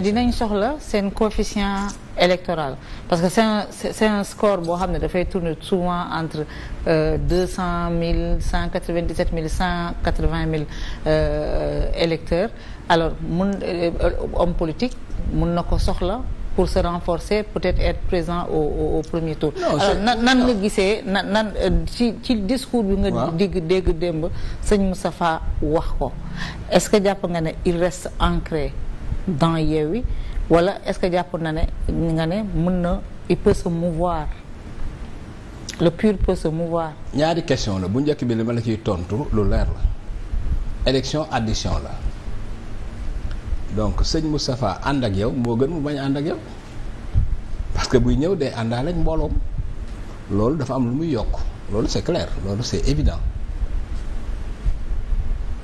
dinañ soxla seen coefficient électoral parce que c'est un c'est score boo xam ne dafay tourner souvent entre euh, deux cent mille cent quatre-vingt-dix-sept cent quatre-vingt mille euh, électeurs alors mun euh, homme politique mun na ko soxla pour se renforcer peut-être être présent au au, premier tour. alors nan nan nga gisee nan nan ci ci discours bi nga. dégg dégg démb sëñ Moustapha wax ko est-ce que jàpp nga ne il reste ancré. dans Yewwi wala est-ce que jàpp na ne nga ne mën na il peut se mouvoir le pur peut se mouvoir ñaari question la bu njëkk bi li ma la ciy tontu lu leer la élection addition la donc sëñ Moustapha ànd ak yow moo gën mu bañ ànd ak yow parce que buy ñëw day àndaale ak mbooloom loolu dafa am lu muy yokk loolu c'est clair loolu c'est évident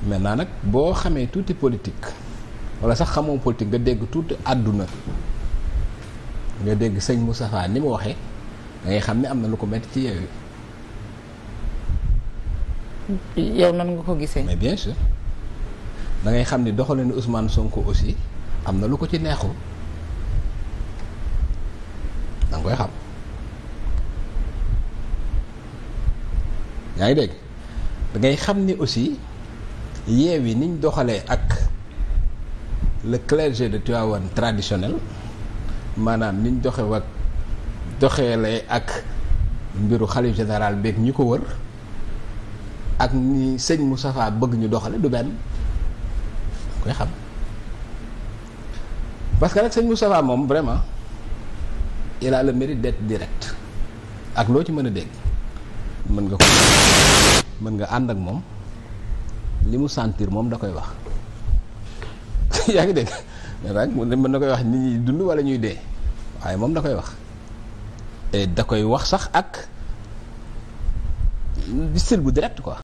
maintenant nag boo xamee tuuti politique wala sax xamoo politique nga dégg tuuti àdduna nga dégg sëñ Moustapha ni mu waxe da xam ne am na lu ko metti ci yeewu. yow nan nga ko gisee. mais bien sûr da ngay xam ni doxalinu usmaan Sonko aussi am na lu ko ci neexul da koy xam. yaa ngi dégg da xam ni aussi yeew yi niñ doxalee ak. le clergé de Tivaouane traditionnel maanaam niñ doxe wa doxeele ak mbiru xalif général beeg ñi ko wër ak ni sëñ Moustapha bëgg ñu doxale du benn koy xam parce que nag sëñ Moustapha moom vraiment il a le mérite direct ak loo ci mën a dégg mën nga ko mën nga ànd ak moom li mu sentir moom da koy wax yaa ngi dégg rang mën na koy wax nit ñi dund wala ñuy dee waaye moom da koy wax et da koy wax sax ak style bu direct quoi